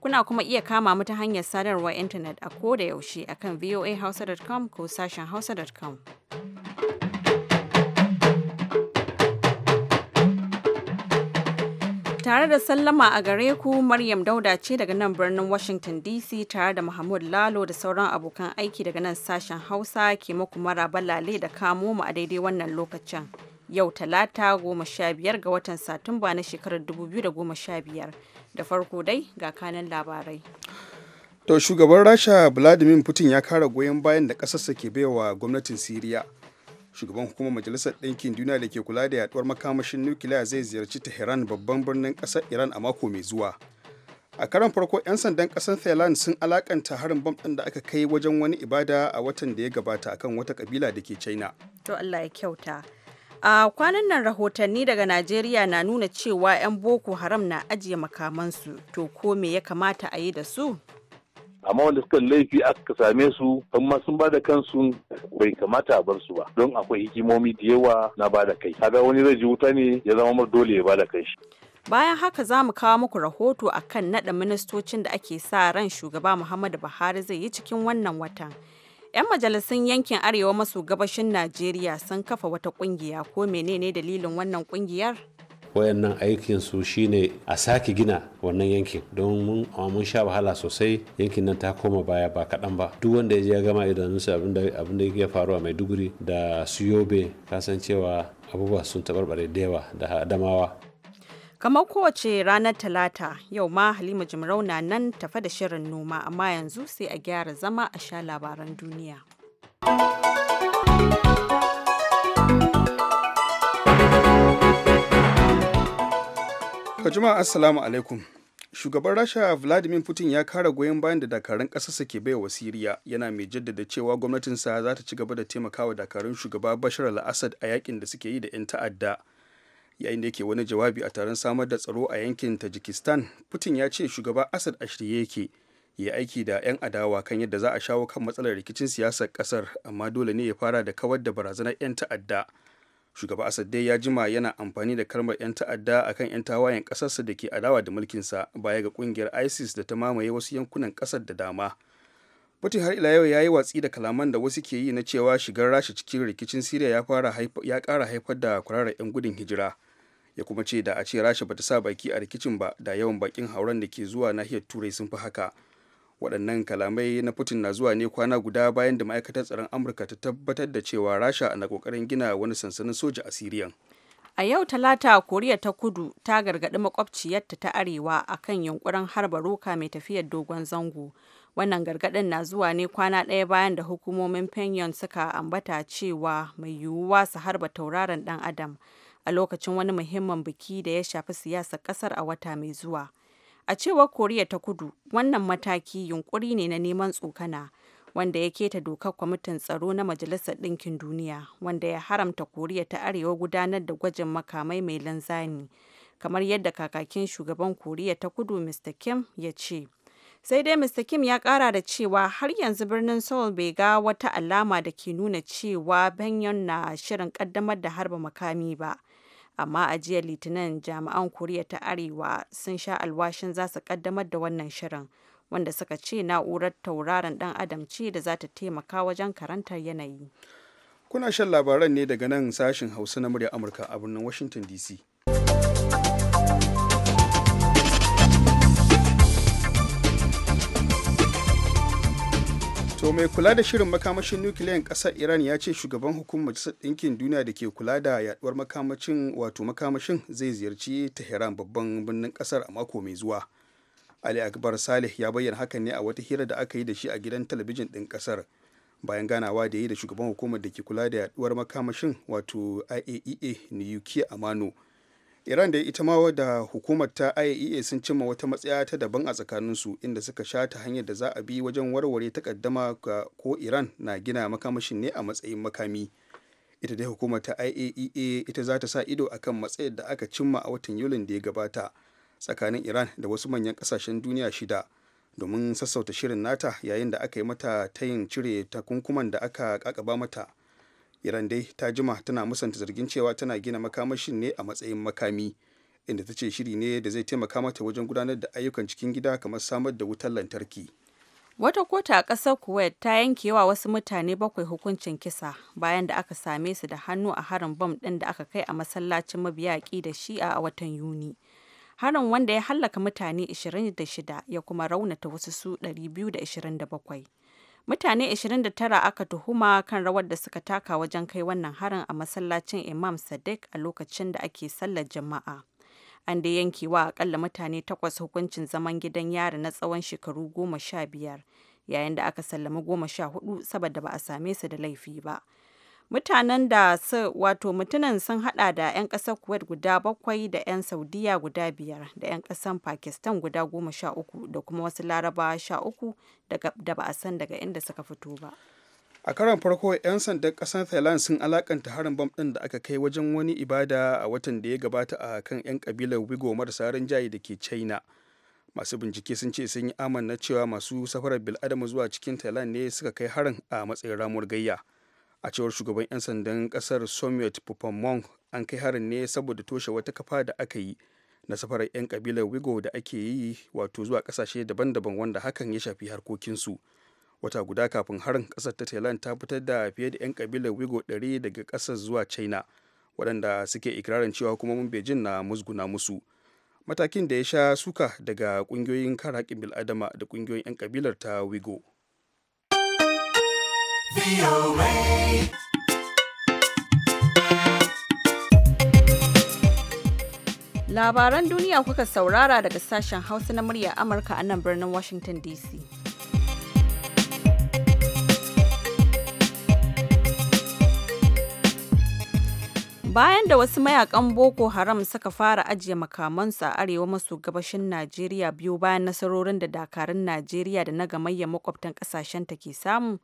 Kuna kuma iya kama mu ta hanyar sadarwar intanet a ko da yaushe akan voahausa.com ko sashen hausa.com. tare da sallama a gare ku Maryam Dauda ce daga nan birnin Washington DC tare da Mahmud Lalo da sauran abokan aiki daga nan sashen Hausa ke muku maraba lale da kamo mu a daidai wannan lokacin. Yau talata 15 ga watan Satumba na shekarar 2015. Da farko dai ga kanan labarai. To shugaban Rasha Vladimir Putin ya kara goyon bayan da ƙasarsa ke baiwa gwamnatin Siriya. Shugaban hukumar Majalisar Ɗinkin Duniya da ke kula da yaɗuwar makamashin nukiliya zai ziyarci Tehran babban birnin ƙasar Iran a mako mai zuwa. A karan farko 'yan sandan ƙasar Thailand sun alakanta harin bam ɗin da aka kai wajen wani ibada a watan da ya gabata akan wata kabila da ke China. To Allah ya kyauta. a kwanan nan rahotanni daga najeriya na nuna cewa 'yan boko haram na ajiye makamansu to ko me ya kamata a yi da su amma wanda suka laifi aka same su amma sun bada kansu bai kamata a bar su ba don akwai hikimomi da yawa na bada kai kaga wani zai ji wuta ne ya zama mar dole ya da kai shi bayan haka za mu kawo muku rahoto akan naɗa ministocin da ake sa ran shugaba muhammadu buhari zai yi cikin wannan watan 'Yan majalisun yankin Arewa maso gabashin Najeriya sun kafa wata kungiya ko menene dalilin wannan kungiyar? wayannan aikin su shine a sake gina wannan yankin don mun mun sha wahala sosai yankin nan ta koma baya ba kaɗan ba duk wanda ya ya je gama idanunsa abin da ya faru a maiduguri da suyobe kasancewa abubuwa sun taɓarɓare da yawa da hadamawa. Kamar kowace ranar Talata, yau ma Halima Jimarau na nan tafa da shirin noma, amma yanzu sai a gyara zama a sha labaran duniya. jama'a assalamu alaikum. Shugaban Rasha Vladimir Putin ya kara goyon bayan da dakarun ƙasarsa ke baiwa Siriya yana mai jaddada cewa gwamnatinsa za ta ci gaba da taimakawa dakarun shugaba Bashar al a yakin da suke yi da 'yan ta'adda. yayin da yake wani jawabi a taron samar da tsaro a yankin tajikistan putin ya ce shugaba asad a shirye yake ya aiki da 'yan adawa kan yadda za a shawo kan matsalar rikicin siyasar kasar amma dole ne ya fara da kawar da barazanar 'yan ta'adda shugaba asad dai ya jima yana amfani da kalmar 'yan ta'adda a kan 'yan tawayen kasarsa da ke adawa da mulkinsa baya ga kungiyar isis da ta mamaye wasu yankunan kasar da dama Putin har ila yau ya yi watsi da kalaman da wasu ke yi na cewa shigar rasha cikin rikicin Siriya ya kara haifar da kwararar 'yan gudun hijira. ya kuma ce da a ce rasha bata sa baki a rikicin ba da yawan bakin hauren da ke zuwa nahiyar turai sun fi haka waɗannan kalamai na putin na zuwa ne kwana guda bayan da ma'aikatar tsaron amurka ta tabbatar da cewa rasha na kokarin gina wani sansanin soja a siriyan a yau talata koriya ta kudu ta gargaɗi makwabciyarta ta arewa akan yunkurin harba roka mai tafiyar dogon zango wannan gargaɗin na zuwa ne kwana ɗaya bayan da hukumomin fenyon suka ambata cewa mai yiwuwa su harba tauraron ɗan adam a lokacin wani muhimmin biki da ya shafi siyasar kasar a wata mai zuwa. A cewar Koriya ta Kudu, wannan mataki yunkuri ne na neman tsokana wanda ya keta dokar kwamitin tsaro na Majalisar Ɗinkin Duniya wanda ya haramta Koriya ta Arewa gudanar da gwajin makamai mai linzami kamar yadda kakakin shugaban Koriya ta Kudu Mr. Kim ya ce. sai dai mr kim ya kara da cewa har yanzu birnin seoul bai ga wata alama da ke nuna cewa benyon na shirin kaddamar da harba makami ba amma a jiya litinin jami'an koriya ta arewa sun sha alwashin za su kaddamar da wannan shirin wanda suka ce na'urar tauraron dan adam ce da za ta taimaka wajen karantar yanayi kuna shan labaran ne daga nan sashen hausa na murya amurka a birnin washington dc to mai kula da shirin makamashin nukiliyan kasar iran ya ce shugaban hukumar majalisar ɗinkin duniya da ke kula da yaduwar makamashin wato makamashin zai ziyarci tehran babban birnin kasar a mako mai zuwa ali akbar saleh ya bayyana hakan ne a wata hira da aka yi da shi a gidan talabijin ɗin kasar bayan ganawa da ya yi da shugaban hukumar da ke kula da yaduwar makamashin wato iaea uk amano iran da ita ma da hukumar ta iaea e sun cimma wata matsaya ta daban a tsakaninsu inda suka sha ta hanyar da za a bi wajen warware takaddama ko iran na gina makamashin ne a matsayin makami ita dai hukumar ta iaea e ita za ta sa ido akan matsayar da aka cimma a watan yulin da ya gabata tsakanin iran da wasu manyan kasashen duniya shida domin sassauta shirin nata yayin da aka yi mata tayin cire takunkuman da aka kakaba mata iran dai ta jima tana musanta zargin cewa tana gina makamashin ne a matsayin makami inda ta ce shiri ne da zai taimaka mata wajen gudanar da ayyukan cikin gida kamar samar da wutar lantarki wata kotu a ƙasar kuwait ta yanke wa wasu mutane bakwai hukuncin kisa bayan da aka same su da hannu a harin bom ɗin da aka kai a masallacin mabiya da shi'a a watan yuni harin wanda ya hallaka mutane 26 ya kuma raunata wasu su 227 Mutane 29 aka tuhuma kan rawar da suka taka wajen kai wannan harin a masallacin Imam Sadiq a lokacin da ake sallar jama'a An da yankewa akalla mutane takwas hukuncin zaman gidan yari na tsawon shekaru goma sha biyar, yayin da aka sallami goma sha hudu saboda ba a same su da laifi ba. mutanen da su wato mutunan sun hada da 'yan kasar kuwait guda bakwai da 'yan saudiya guda biyar da 'yan kasar pakistan guda goma sha uku da kuma wasu laraba sha uku da ba a san daga inda suka fito ba a karon farko 'yan sandan kasar thailand sun alakanta harin bam din da aka kai wajen wani ibada a watan da ya gabata a kan 'yan kabilar wigo marasa rinjaye da ke china masu bincike sun ce sun yi amanna cewa masu safarar bil'adama zuwa cikin thailand ne suka kai harin a matsayin ramuwar gayya a cewar shugaban 'yan sandan kasar somiot popamong an kai harin ne saboda toshe wata kafa da aka yi na safarar 'yan kabilar wigo da ake yi wato zuwa kasashe daban-daban wanda hakan ya shafi harkokinsu wata guda kafin harin kasar ta thailand ta fitar da fiye da 'yan kabilar wigo 100 daga kasar zuwa china waɗanda suke ikirarin cewa kuma hukumomin beijing na musguna musu matakin da ya sha suka daga ƙungiyoyin kare haƙƙin bil'adama da kungiyoyin 'yan kabilar ta wigo Labaran duniya kuka saurara daga sashen Hausa na murya Amurka a nan birnin Washington DC. Bayan da wasu mayakan Boko Haram suka fara ajiye makamansu a arewa maso gabashin Najeriya biyu bayan nasarorin da dakarun Najeriya da na gamayya makwabtan kasashen ta ke samu,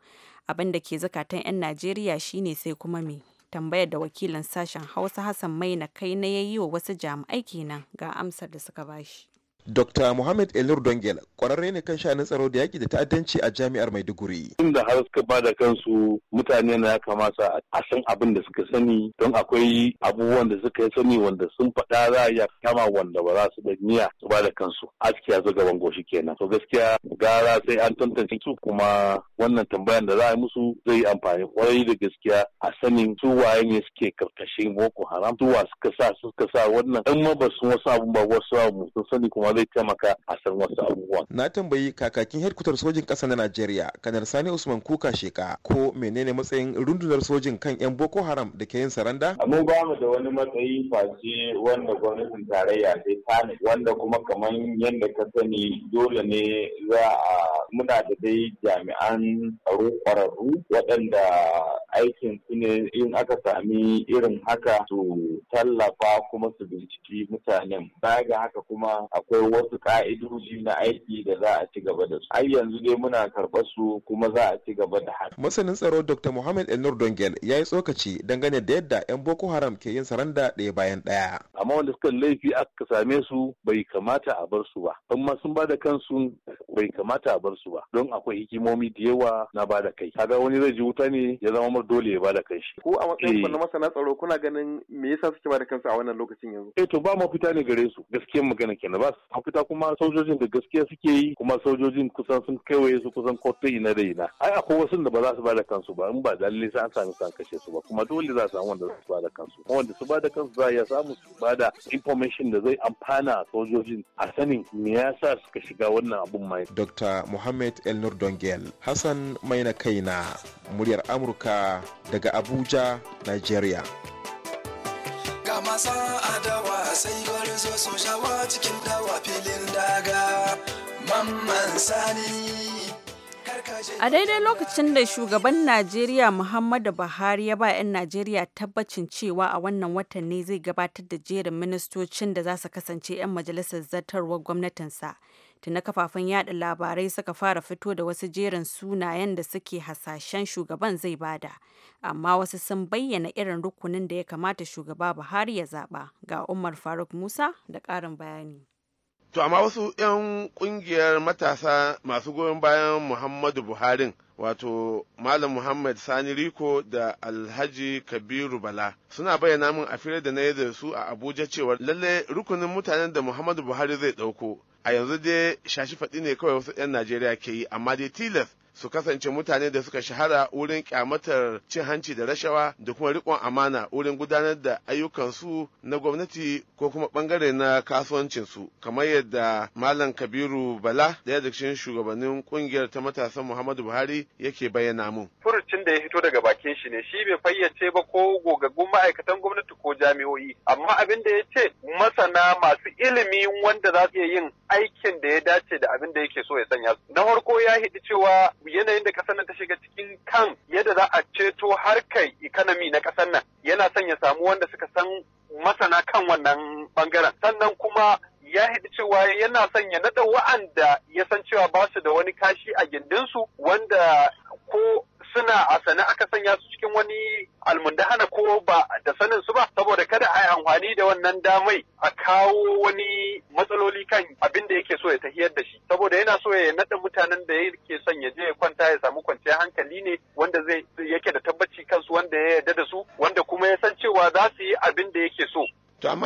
abin da ke zakatan 'yan Najeriya shine sai kuma me? Tambayar da wakilin sashen Hausa Hassan Maina kai na yayi wa wasu jami'ai kenan ga amsar da suka bashi. Dr. Muhammad Elnur Dongel kwararre ne kan shanin tsaro da yaƙi da ta'addanci a jami'ar Maiduguri. da har suka ba da kansu mutane na ya kamata a san abin da suka sani don akwai abubuwan da suka sani wanda sun faɗa za a kama wanda ba za su da niyya su ba da kansu aski a zuga gaban goshi kenan. To gaskiya gara sai an tantance su kuma wannan tambayan da za a yi musu zai yi amfani kwarai da gaskiya a sanin su waye ne suke karkashin Boko Haram su wa suka sa suka sa wannan Ɗan ma ba su wasu abin ba wasu abu sun sani kuma zai taimaka a san wasu abubuwan. Na tambayi kakakin hedkutar sojin ƙasa na Najeriya, Kanar Sani Usman Kuka Sheka, ko menene matsayin rundunar sojin kan 'yan Boko Haram da ke yin saranda? Mu ba mu da wani matsayi face wanda gwamnatin tarayya sai tani wanda kuma kamar yadda ka sani dole ne za a muna da dai jami'an tsaro ƙwararru waɗanda aikin su ne in aka sami irin haka su tallafa kuma su binciki mutanen baya ga haka kuma akwai wasu ka'idoji na aiki da za a ci gaba da su ai yanzu dai muna karɓar su kuma za a ci gaba da haka masanin tsaro dr muhammad elnur dongel ya yi tsokaci dangane da yadda 'yan boko haram ke yin saranda ɗaya bayan ɗaya amma wanda suka laifi aka same su bai kamata a bar su ba amma sun ba da kansu bai kamata a bar su ba don akwai hikimomi da yawa na bada kai kaga wani zai ji wuta ne ya zama kamar dole ya bada kanshi ko a matsayin na eh. masana tsaro kuna ganin me yasa suke bada kansu a wannan lokacin yanzu eh to ba mafita ne gare su gaskiyar magana kenan ba su mafita kuma sojojin da gaskiya suke yi kuma sojojin kusan sun kaiwaye su kusan kotu ina da ina ai akwai wasu da ba za su bada kansu ba in ba dalilai sai an sami san kashe su ba kuma dole za su samu wanda za su bada kansu kuma wanda su bada kansu za a iya samu su bada information da zai amfana sojojin a sanin me yasa suka shiga wannan abun mai Dr. Muhammad El Nur Dongel Hassan Maina Kaina muryar Amurka daga Abuja, Nigeria. adawa sai su A daidai lokacin da shugaban Najeriya Muhammadu Buhari ya ba 'yan Najeriya tabbacin cewa a wannan watan ne zai gabatar da jerin ministocin da za su kasance 'yan majalisar zartarwar gwamnatinsa. tuna kafafen yada labarai suka fara fito da wasu jerin sunayen da suke hasashen shugaban zai bada amma wasu sun bayyana irin rukunin da ya kamata shugaba buhari ya zaba ga umar faruk musa da karin bayani to amma wasu 'yan kungiyar matasa masu goyon bayan muhammadu Buhari, wato Malam Muhammad Sani Riko da Alhaji Kabiru Bala suna bayyana min a fira da na yi da su a Abuja cewa lallai rukunin mutanen da Muhammadu Buhari zai ɗauko a yanzu dai shashi faɗi ne kawai wasu 'yan najeriya ke yi amma dai tilas su kasance mutane da suka shahara wurin kyamatar cin hanci da rashawa da kuma riƙon amana wurin gudanar da ayyukansu na gwamnati ko kuma ɓangare na kasuwancinsu kamar yadda malam kabiru bala ɗaya daga cikin shugabannin ƙungiyar ta matasan muhammadu buhari yake bayyana mun. furucin da ya fito daga bakin shi ne shi bai fayyace ba ko gogaggun ma'aikatan gwamnati ko jami'o'i amma abin da ya ce masana masu ilimi wanda za su iya yin aikin da ya dace da abin da yake so ya sanya na farko ya hidi cewa yanayin da kasar nan ta shiga cikin kan yadda za a ceto harkar economy na kasar nan yana son ya samu wanda suka san masana kan wannan bangaren sannan kuma ya hidi cewa yana son ya nada wa'anda ya san cewa ba su da wani kashi a gindinsu wanda ko suna a sana aka sanya su cikin wani almundahana ko ba da sanin su ba saboda kada a yi amfani da wannan damai a kawo wani matsaloli kan abin da yake so ya tafiyar da shi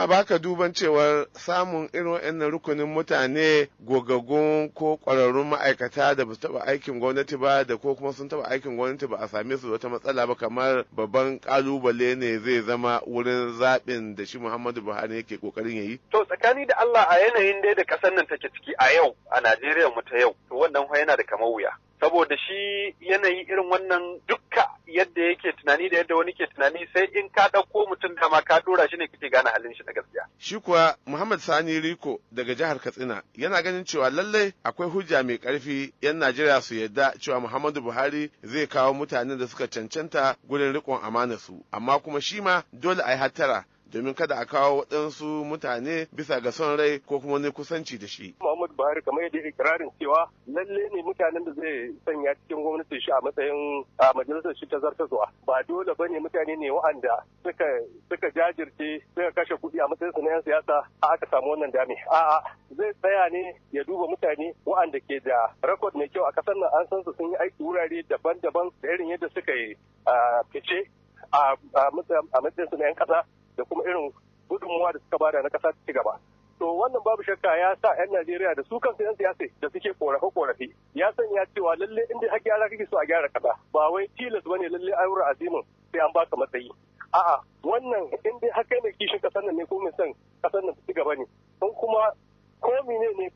a baka duban cewar samun irin wa'annan rukunin mutane gogaggun ko ƙwararrun ma'aikata da ba su taɓa aikin gwamnati ba da ko kuma sun taɓa aikin gwamnati ba a same su wata matsala ba kamar babban ƙalubale ne zai zama wurin zaɓin da shi Muhammadu Buhari yake ƙoƙarin ya yi To tsakani da Allah a yanayin dai da ƙasar nan take ciki a yau a Najeriya mu ta yau to wannan fa yana da kamar wuya. saboda shi yanayi irin wannan dukka yadda yake tunani da yadda wani ke tunani sai in ka ɗauko mutum da ma ka ɗora shi ne kake gane halin shi na gaskiya. Shi kuwa Muhammad Sani Riko daga jihar Katsina yana ganin cewa lallai akwai hujja mai ƙarfi 'yan Najeriya su yadda cewa Muhammadu Buhari zai kawo mutanen da suka cancanta gurin riƙon amana su amma kuma shi ma dole a yi hattara domin kada a kawo waɗansu mutane bisa ga son rai ko kuma ne kusanci da shi. Muhammadu Buhari kamar yadda ya ikirarin cewa lalle ne mutanen da zai sanya cikin gwamnatin shi a matsayin a majalisar shi ta zuwa. ba dole ba ne mutane ne wa'anda suka jajirce suka kashe kuɗi a matsayin su na 'yan siyasa a aka samu wannan dame. A'a zai tsaya ne ya duba mutane wa'anda ke da rekod mai kyau a ƙasar nan an san su sun yi aiki wurare daban-daban da irin yadda suka yi fice a matsayin su na 'yan ƙasa da kuma irin gudunmuwa da suka bada na ƙasa ta ci gaba. To wannan babu shakka ya sa 'yan Najeriya da su kansu 'yan siyasa da suke korafe korafe ya sanya cewa lalle inda har gyara kake so a gyara kaza ba wai tilas bane lalle aure azimin sai an baka matsayi. A'a wannan in dai haka ne kishin ƙasar nan ne ko mai son ƙasar nan ci gaba ne. Don kuma ko ne ne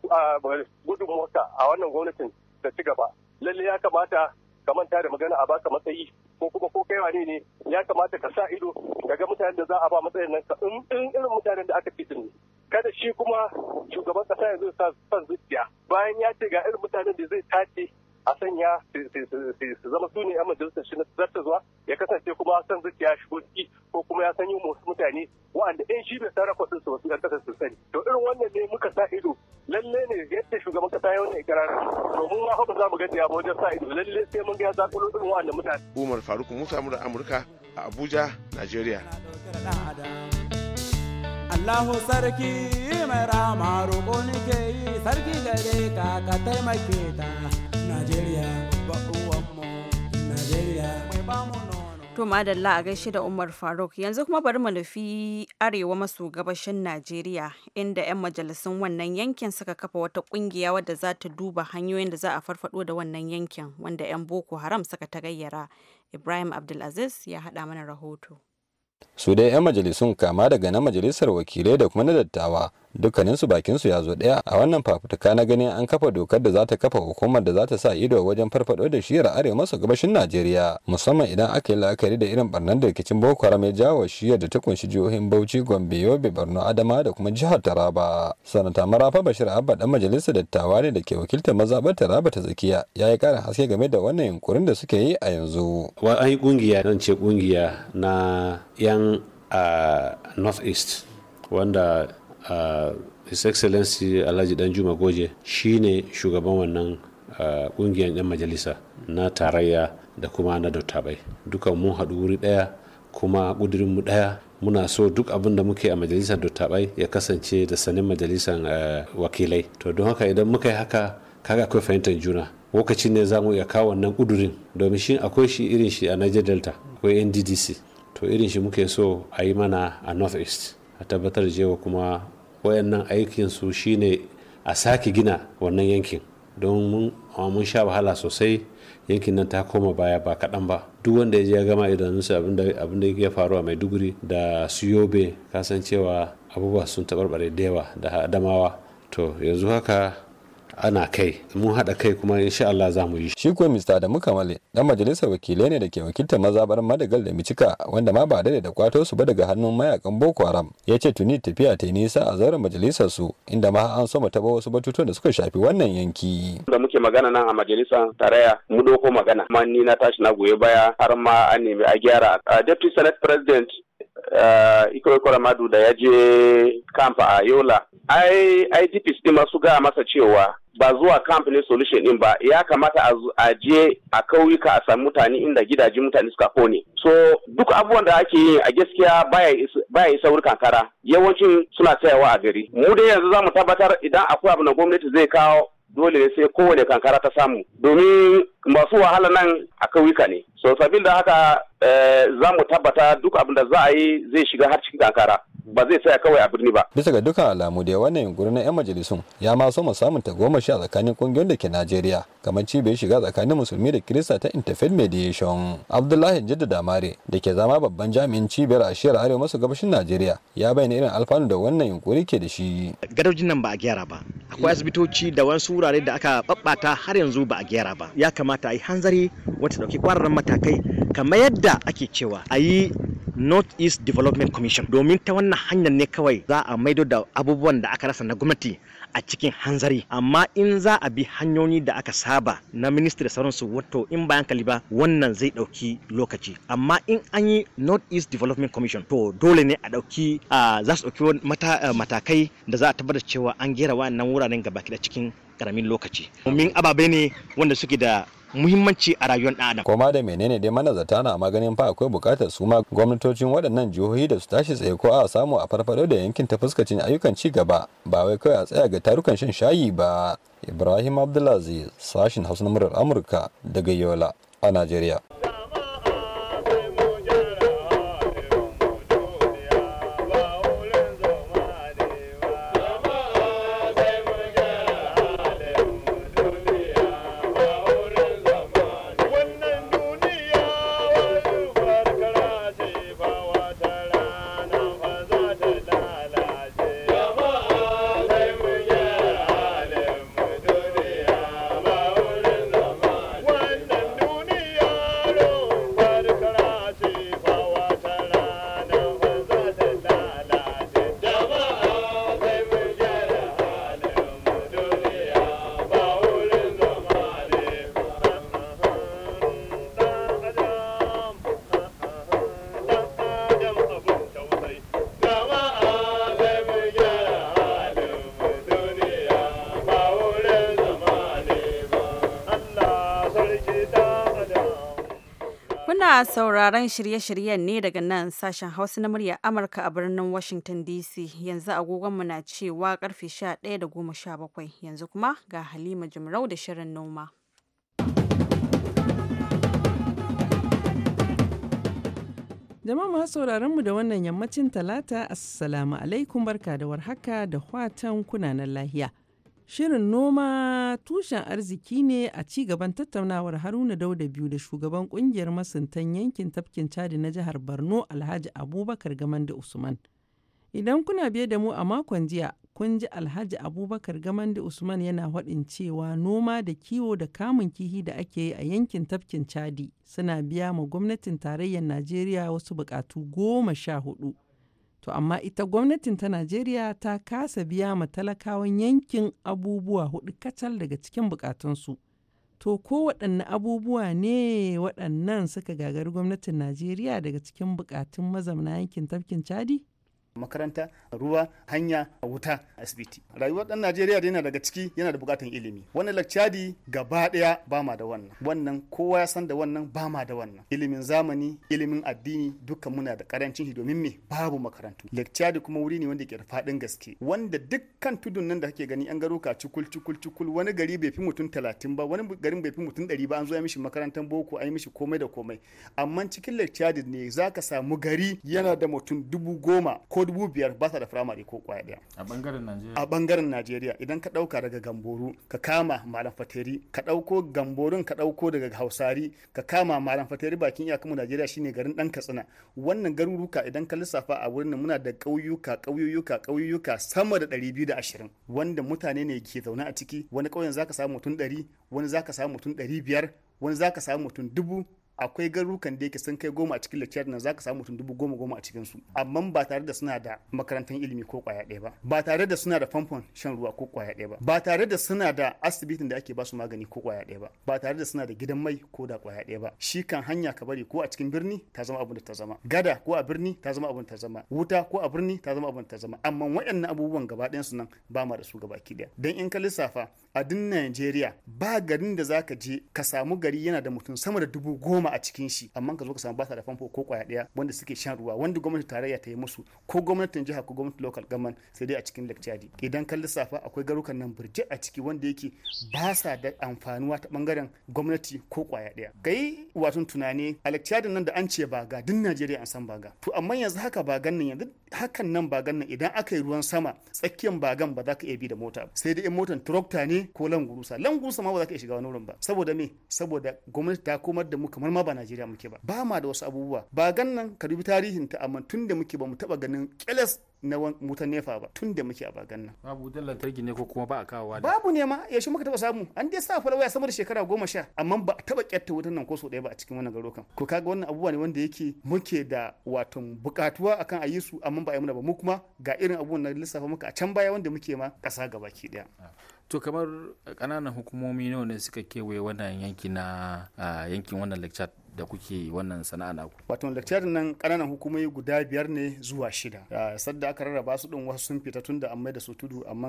gudunmuwa a wannan gwamnatin da ci gaba. Lalle ya kamata ka manta da magana a baka matsayi ko kuma ko kai wane ne ya kamata ka sa ido daga mutanen da za a ba matsayin nan ka in irin mutanen da aka fi ne kada shi kuma shugaban kasa yanzu sa son zuciya bayan ya ce ga irin mutanen da zai tace a sanya su zama su ne 'yan majalisar shi na zuwa ya kasance kuma san zuciya shigo ciki ko kuma ya sanyi musu mutane wa'anda ɗan shi bai sarrafa su wasu 'yan kasar su sani gajiya a wajen sa ido lalle sai mun ga ya zakulo wa'annan mutane. Umar Faruk Musa mura Amurka a Abuja, Najeriya. Allahu sarki mai rama roƙo ke yi sarki gare ka ka taimake ta Najeriya ba mu Nigeria mai bamu To madalla a gaishe da Umar Faruk yanzu kuma bari mu nufi arewa maso gabashin Najeriya inda 'yan majalisun wannan yankin suka kafa wata kungiya wadda za ta duba hanyoyin da za a farfado da wannan yankin wanda 'yan Boko Haram suka ta gayyara Ibrahim Abdulaziz ya haɗa mana rahoto. su dai 'yan majalisun kama daga na majalisar wakilai da kuma na dattawa dukkaninsu bakinsu ya zo ɗaya a wannan fafutuka na ganin an kafa dokar da za ta kafa hukumar da za ta sa ido wajen farfado da shiyar arewa maso gabashin najeriya musamman idan aka yi la'akari da irin barnar da rikicin boko haram ya jawo shiyar da ta kunshi jihohin bauchi gombe yobe borno adama da kuma jihar taraba sanata marafa bashir abba dan majalisar dattawa ne da ke wakiltar mazaɓar taraba ta tsakiya ya yi ƙarin haske game da wannan yunkurin da suke yi a yanzu. wa an yi ƙungiya nan ce ƙungiya na yan a ah, north east wanda a his excellency alhaji danjuma goje shine shugaban wannan kungiyar yan majalisa na tarayya da kuma na dattabai dukan mun haɗu wuri ɗaya kuma mu ɗaya muna so duk abin da muke a majalisar dattabai ya kasance da sanin majalisar wakilai to don haka idan muka yi haka kaga akwai fahimtar juna lokacin ne za mu iya kawo wannan ƙudurin domin shi akwai shi irin shi a niger delta akwai nddc to irin shi muke so a yi mana a north east a tabbatar jewa kuma wayannan aikinsu shine a sake gina wannan yankin don mun sha wahala sosai yankin nan ta koma baya ba kaɗan ba duk wanda ya je ya gama idanunsa abin da ya faru a maiduguri da su yobe kasancewa abubuwa sun taɓarɓare da yawa da adamawa to yanzu haka ana kai mun haɗa kai kuma insha Allah za mu yi shi ko Mr. da male dan majalisar wakilai ne da ke wakiltar mazabar Madagal da Micika wanda ma ba da da kwato su ba daga hannun mayakan Boko Haram ya ce tuni tafiya ta nisa a zauren majalisar su inda ma an so ta ba wasu batutuwan da suka shafi wannan yanki da muke magana nan a majalisar tarayya mu doko magana amma ni na tashi na goye baya har ma an nemi a gyara deputy senate president Uh, eh, Iko da ya je kamfa a Yola ai IDPs din masu gaya masa cewa ba zuwa company solution din ba ya kamata a je a kauyuka a sami mutane inda gidaje mutane suka kone so duk abubuwan da ake yi a gaskiya baya isa wurin kankara yawancin suna tsayawa a gari mu dai yanzu za mu tabbatar idan akwai abu na gwamnati zai kawo dole ne sai kowane kankara ta samu domin masu wahala nan a kauyuka ne so sabin da haka eh, za mu tabbata duk abin da za a yi zai shiga har cikin kankara ba zai tsaya kawai a birni ba. Bisa ga dukkan alamu da wannan yunkuri na 'yan majalisun ya ma so samun shi a tsakanin kungiyoyin da ke Najeriya kamar cibiyar shiga tsakanin musulmi da kirista ta Interfaith Mediation. Abdullahi Jidda Damare da ke zama babban jami'in cibiyar a shiyar arewa maso gabashin Najeriya ya bayyana irin alfanu da wannan yunkuri ke da shi. Gadojin nan ba a gyara ba. Akwai asibitoci da wasu wurare da aka babbata har yanzu ba a gyara ba. Ya kamata a yi hanzari wata dauki kwararren matakai kamar yadda ake cewa a yi north east development commission domin ta wannan hanyar ne kawai za a maido da abubuwan da aka rasa na gwamnati a cikin hanzari amma in za a bi hanyoyi da aka saba na ministry da sauransu wato in bayan kali ba wannan zai dauki lokaci amma in an yi north east development commission to dole ne a dauki za su dauki matakai da za a tabbatar cewa an gera wa'annan wuraren gaba cikin karamin lokaci Mummin ababe ne wanda suke da muhimmanci a rayuwar ɗan adam. Koma da menene dai zata na maganin fa akwai buƙatar su ma gwamnatocin waɗannan jihohi da su tashi tsaye ko a samu a farfaɗo da yankin ta fuskacin ayyukan ci gaba ba wai kawai a tsaya ga tarukan shan shayi ba. Ibrahim Abdulaziz sashin Hausa na Amurka daga Yola a Najeriya. Kuna sauraron shirye-shiryen ne daga nan sashen Hausa na muryar Amurka a birnin Washington DC. Yanzu agogonmu na cewa karfe da 11:17. Yanzu kuma ga Halima Jimrau da shirin noma. Jama'a masu sauraron mu da wannan yammacin talata Assalamu alaikum barka da warhaka da watan kunanan lahiya. Shirin noma tushen arziki ne a ci gaban tattaunawar Haruna Dauda biyu da shugaban kungiyar masuntan yankin tafkin Chadi na jihar Borno Alhaji Abubakar Gamanda Usman. Idan kuna biye da mu a makon jiya, kun ji Alhaji Abubakar Gamanda Usman yana haɗin cewa noma da kiwo da kamun kihi da ake yi a yankin tafkin Chadi suna biya ma gwamnatin tarayyar Najeriya wasu buƙatu goma sha hudu. To amma ita gwamnatin ta Najeriya ta kasa biya ma talakawan yankin abubuwa hudu kacal daga cikin bukatunsu. To ko waɗanne abubuwa ne waɗannan suka gagari gwamnatin Najeriya daga cikin bukatun mazauna yankin tafkin Chadi? makaranta ruwa hanya wuta asibiti rayuwar dan najeriya da yana daga ciki yana da bukatan ilimi Wani lakcadi gaba daya ba ma da wannan wannan kowa ya san da wannan ba ma da wannan ilimin zamani ilimin addini duka muna da karancin shi domin me babu makarantu lakcadi kuma wuri ne wanda ke da fadin gaske wanda dukkan tudun nan da kake gani an garo ka cikul cikul cikul wani gari bai fi mutum talatin ba wani garin bai fi mutum ɗari ba an zo ya mishi makarantar boko an yi mishi komai da komai amma cikin lakcadi ne zaka samu gari yana da mutum dubu goma ko ko dubu biyar ba da firamare ko kwaya daya a bangaren najeriya idan ka ɗauka daga gamboru ka kama malam fateri ka dauko gamborun ka dauko daga hausari ka kama malam fateri bakin iyakanmu najeriya shine garin ɗan katsina wannan garuruka idan ka lissafa a wurin muna da ƙauyuka ƙauyuka ƙauyuka sama da ɗari biyu da 220 wanda mutane ne ke zaune a ciki wani ƙauyen zaka samu mutum ɗari wani zaka samu mutum biyar wani zaka samu mutum dubu akwai garurukan da yake sun kai goma a cikin lecture nan zaka samu mutum dubu goma goma a cikin su amma ba tare da suna da makarantar ilimi ko kwaya ɗaya ba ba tare da suna da famfon shan ruwa ko kwaya ɗaya ba ba tare da suna da asibitin da ake basu magani ko kwaya ɗaya ba ba tare da suna da gidan mai ko da kwaya ɗaya ba shi kan hanya ka bari ko a cikin birni ta zama abin da ta zama gada ko a birni ta zama abin ta zama wuta ko a birni ta zama abin ta zama amma waɗannan abubuwan gaba ɗayan su nan ba ma da su gaba ki ɗaya dan in ka lissafa a din Najeriya ba garin da zaka je ka samu gari yana da mutum sama da dubu goma a cikin shi amma ka zo ka samu ba da famfo ko kwaya daya wanda suke shan ruwa wanda gwamnati tarayya ta yi musu ko gwamnatin jiha ko gwamnatin local government sai dai a cikin lakcadi idan kalli lissafa akwai garukan nan burje a ciki wanda yake ba sa da amfanuwa ta bangaren gwamnati ko kwaya daya kai wato tunani a lakcadin nan da an ce baga duk Najeriya an san baga to amma yanzu haka bagan nan yanzu hakan nan bagan nan idan aka yi ruwan sama tsakiyan bagan ba za ka iya bi da mota sai dai in motan tractor ne ko langurusa langurusa ma ba za ka iya shiga wani wurin ba saboda me saboda gwamnati ta komar da mu kamar ma ba Najeriya muke ba ba ma da wasu abubuwa ba gannan ka dubi tarihin ta amma tun da muke ba mu taba ganin keles na wutan nefa ba tun da muke a bagan nan. Babu wutar lantarki ne ko kuma ba a kawowa da. Babu ne ma yaushe muka taba samu an dai sa ya sama da shekara goma sha amma ba a taba kyatta wutar nan ko so ɗaya ba a cikin wannan garo kan. Ko kaga wannan abubuwa ne wanda yake muke da watan bukatuwa akan a yi su amma ba a yi muna ba mu kuma ga irin abubuwan na lissafa muka a can baya wanda muke ma ƙasa gabaki daya. Ah. to kamar kananan hukumomi nawa ne suka kewaye wannan yanki na yankin wannan lecture da kuke wannan sana'a naku wato lecture nan kananan hukumomi guda biyar ne zuwa shida sadda aka rarraba su din wasu sun fita tun da an da su tudu amma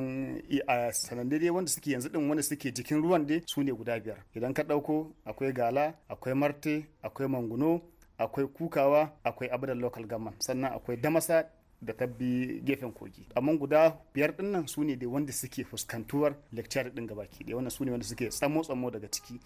a sananne dai wanda suke yanzu din wanda suke jikin ruwan dai su ne guda biyar idan ka dauko akwai gala akwai marte akwai manguno akwai kukawa akwai abadan local government sannan akwai damasa da ta gefen kogi amma guda biyar din nan su ne wanda suke fuskantuwar lecture din gabaki da wannan su ne wanda suke tsamo tsamo daga ciki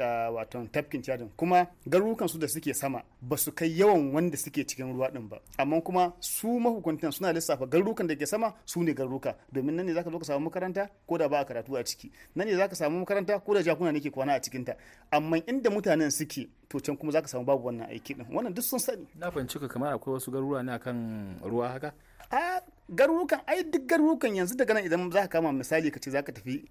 ah, wato tafkin cajin kuma garurukan su da suke sama ba su kai yawan wanda suke cikin ruwa din ba amma kuma su mahukuntan suna lissafa garurukan da ke sama su ne garuruka domin nan ne zaka zo ka samu makaranta ko da ba a karatu a ciki nan ne zaka samu makaranta ko da jakuna ne ke kwana a cikin ta amma inda mutanen suke to can kuma zaka samu babu wannan aiki din wannan duk sun sani na fahimci ka kamar akwai wasu garuruwa ne akan ruwa haka a garurukan ai duk garurukan yanzu daga nan idan za ka kama misali ka ce za ka tafi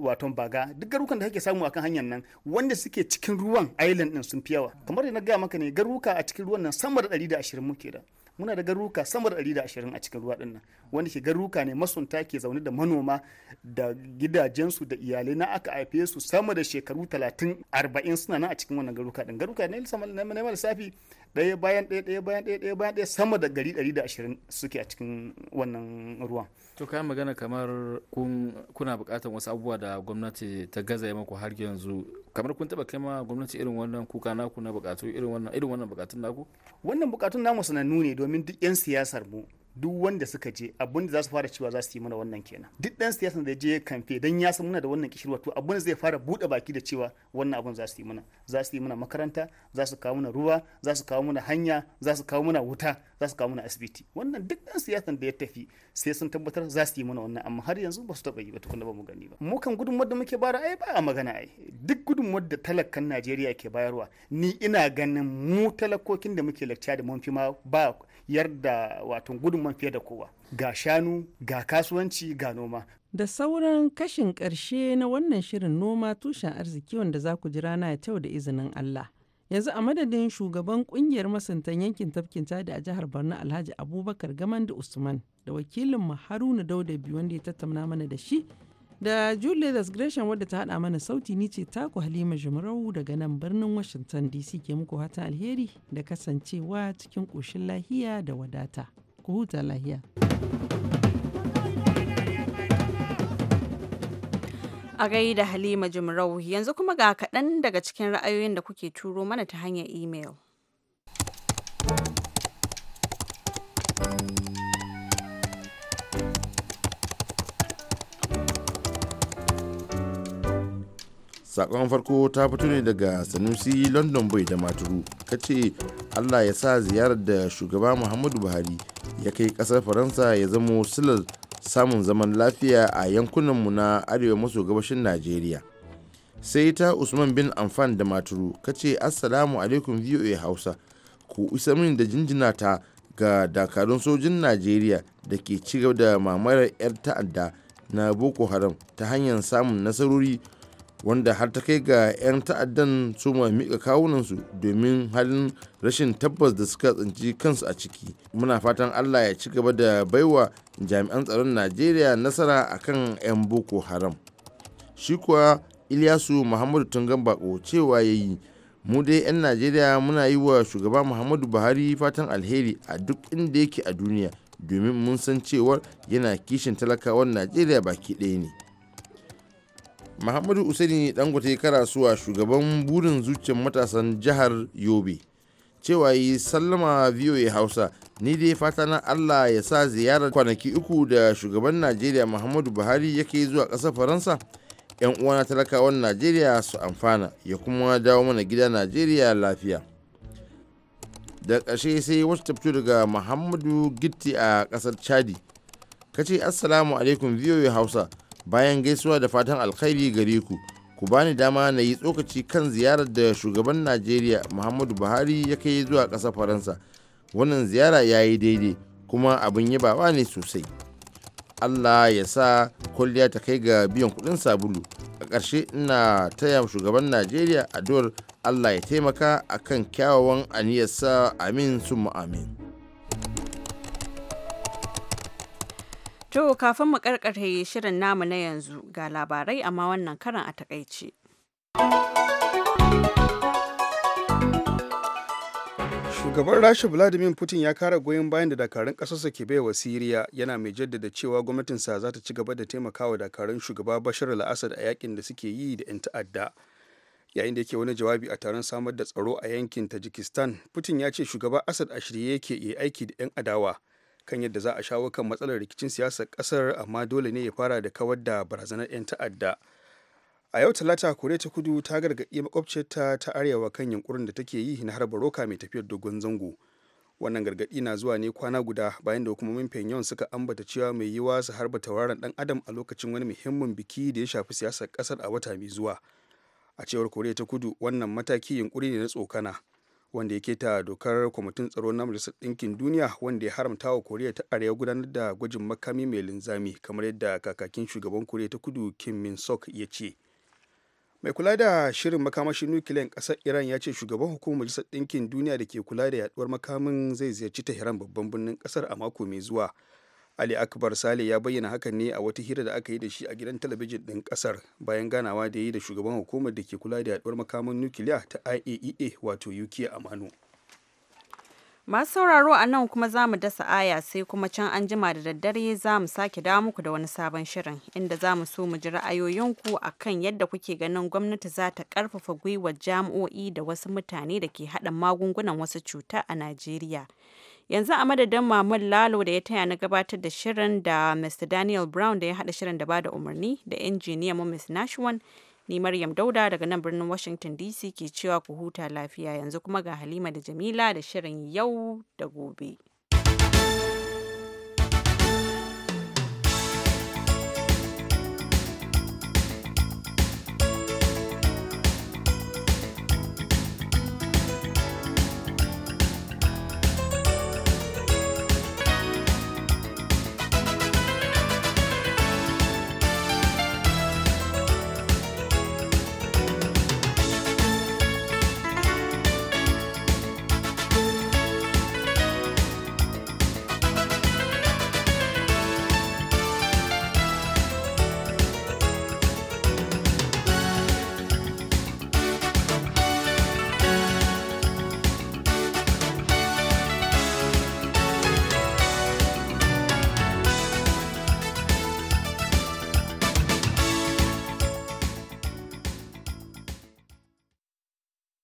waton baga duk garurukan da kake samu akan hanyar nan wanda suke cikin ruwan island din sun fi yawa kamar da na gaya maka ne garuruka a cikin ruwan nan sama da 120 muke da muna da garuka sama da 120 a cikin ruwa dinnan wanda ke garuka ne masunta ke zaune da manoma da gidajensu da iyalai na aka haife su sama da shekaru 30 40 suna nan a cikin wannan garuka din garuka ne sama na neman lissafi daya bayan daya daya bayan daya daya bayan daya sama da gari ashirin suke a cikin wannan ruwan to kayan magana kamar kuna buƙatar wasu abubuwa da gwamnati ta gaza ya maku har yanzu kamar kun taba kai ma gwamnati irin wannan kuka naku na bukatu irin wannan irin wannan bukatun naku wannan bukatun namu sanannu ne domin duk yan siyasar mu duk wanda suka je abin da za su fara cewa za su yi mana wannan kenan duk dan siyasa da je kamfe dan ya san muna da wannan kishirwa to abin zai fara bude baki da cewa wannan abin za su yi mana za su yi mana makaranta za su kawo mana ruwa za su kawo mana hanya za su kawo mana wuta za su kawo mana asibiti wannan duk dan siyasa da ya tafi sai sun tabbatar za su yi mana wannan amma har yanzu ba su taba yi ba tukuna ba mu gani ba mu kan gudunmuwar da muke bara ai ba a magana ai duk gudunmuwar da talakan Najeriya ke bayarwa ni ina ganin mu talakokin da muke lakciya da mun fi ma ba yarda wato gudunman fiye da kowa ga shanu ga kasuwanci ga noma da sauran kashin karshe na wannan shirin noma tushen arziki wanda za ku ji rana ya da izinin Allah yanzu a madadin shugaban kungiyar masuntan yankin tafkin da a jihar Borno Alhaji Abubakar Gamandu Usman da wakilin maharuna Haruna Dauda biyu wanda ya tattauna mana da shi Da julia Leathers Gresham wadda ta hada mana sauti ni ce taku Halima jimarau daga nan birnin Washington DC ke muku hata alheri da kasancewa cikin koshin lahiya da wadata. Ku huta lahiya. A gaida Halima Jimrau yanzu kuma ga kaɗan daga cikin ra'ayoyin da kuke turo mana ta hanyar imel. sakon farko ta fito ne daga sanusi london bai da maturu ka ce allah ya sa ziyarar da shugaba muhammadu buhari ya kai kasar faransa ya zamo silar samun zaman lafiya a yankunanmu na arewa maso gabashin najeriya sai ta usman bin amfan da maturu ka ce assalamu alaikum voa hausa ku isa min da jinjina ta ga dakarun sojin najeriya da ke ci gaba da mamayar 'yar ta'adda na boko haram ta hanyar samun nasarori wanda har ta kai ga 'yan ta'addan su ma miƙa kawunansu domin halin rashin tabbas da suka tsinci kansu a ciki muna fatan allah ya ci gaba da baiwa jami'an tsaron najeriya nasara akan 'yan boko haram shi kuwa ilyasu muhammadu tungan bako cewa ya yi mu dai 'yan najeriya muna yi wa shugaba muhammadu buhari fatan alheri a duk inda yake a duniya domin mun san cewar yana kishin talakawan najeriya baki ɗaya ne muhammadu usaini kara karasuwa shugaban burin zuciyar matasan jihar yobe cewa yi sallama voa hausa ni dai fata na allah ya sa ziyarar kwanaki uku da shugaban najeriya muhammadu buhari yake zuwa ƙasar faransa yan uwana talakawan najeriya su amfana ya kuma dawo mana gida najeriya lafiya da ƙarshe sai wata tafito daga muhammadu gitti a ƙasar chadi kace assalamu alaikum voa hausa bayan gaisuwa da fatan alkhairi gare ku ku bani dama na yi tsokaci kan ziyarar da shugaban najeriya muhammadu buhari ya kai zuwa ƙasar faransa wannan ziyara ya yi daidai kuma abin yabawa ne sosai allah ya sa kwalliya ta kai ga biyan kuɗin sabulu a ƙarshe ina taya shugaban najeriya addu'ar allah ya taimaka akan kyawawan aniyarsa amin summa amin To kafin mu karkare shirin namu na yanzu ga labarai amma wannan karan a takaice. Shugaban Rasha Vladimir Putin ya kara goyon bayan da dakarun ƙasarsa ke baiwa Siriya yana mai jaddada cewa gwamnatinsa za ta ci gaba da taimakawa dakarun shugaba Bashar al-Assad a yakin da suke yi da 'yan ta'adda. Yayin da yake wani jawabi a taron samar da tsaro a yankin Tajikistan, Putin ya ce shugaba Assad a shirye yake yi aiki da 'yan adawa. kan yadda za a shawo kan matsalar rikicin siyasar kasar amma dole ne ya fara da kawar da barazanar 'yan ta'adda a yau talata koriya ta kudu ta gargaɗi makwabciyarta ta arewa kan yunkurin da take yi na harba roka mai tafiyar dogon zango wannan gargaɗi na zuwa ne kwana guda bayan da hukumomin pyongyang suka ambata cewa mai yiwa su harba tauraron dan adam a lokacin wani muhimmin biki da ya shafi siyasar kasar a wata mai zuwa a cewar koriya ta kudu wannan mataki yunkuri ne na tsokana wanda ya keta dokar kwamitin tsaro na majalisar ɗinkin duniya wanda ya haramta wa koriya ta arewa gudanar da gwajin makami mai linzami kamar yadda kakakin shugaban koriya ta kudu kim min sok ya ce mai kula da shirin makamashin nukiliyan ƙasar iran ya ce shugaban hukumar majalisar ɗinkin duniya da ke kula da yaduwar makamin zai ziyarci tehran babban birnin ƙasar a mako mai zuwa ali akbar sale ya bayyana hakan ne a wata hira da aka yi da shi a gidan talabijin ɗin ƙasar bayan ganawa da ya yi da shugaban hukumar da ke kula da yaduwar makaman nukiliya ta iaea e wato uk amano masu sauraro a nan kuma za mu dasa aya sai kuma can an jima da daddare za mu sake dawo muku da wani sabon shirin inda za mu so mu ji ra'ayoyinku a kan yadda kuke ganin gwamnati za ta karfafa gwiwar jami'o'i da wasu mutane da ke haɗa magungunan wasu cuta a najeriya yanzu a madadin mamun lalo da ya taya na gabatar da shirin da mr daniel brown da ya haɗa shirin da bada umarni da injiniyan mu miss nashwan ni maryam dauda daga nan birnin washington dc ke cewa ku huta lafiya yanzu kuma ga halima da jamila da shirin yau da gobe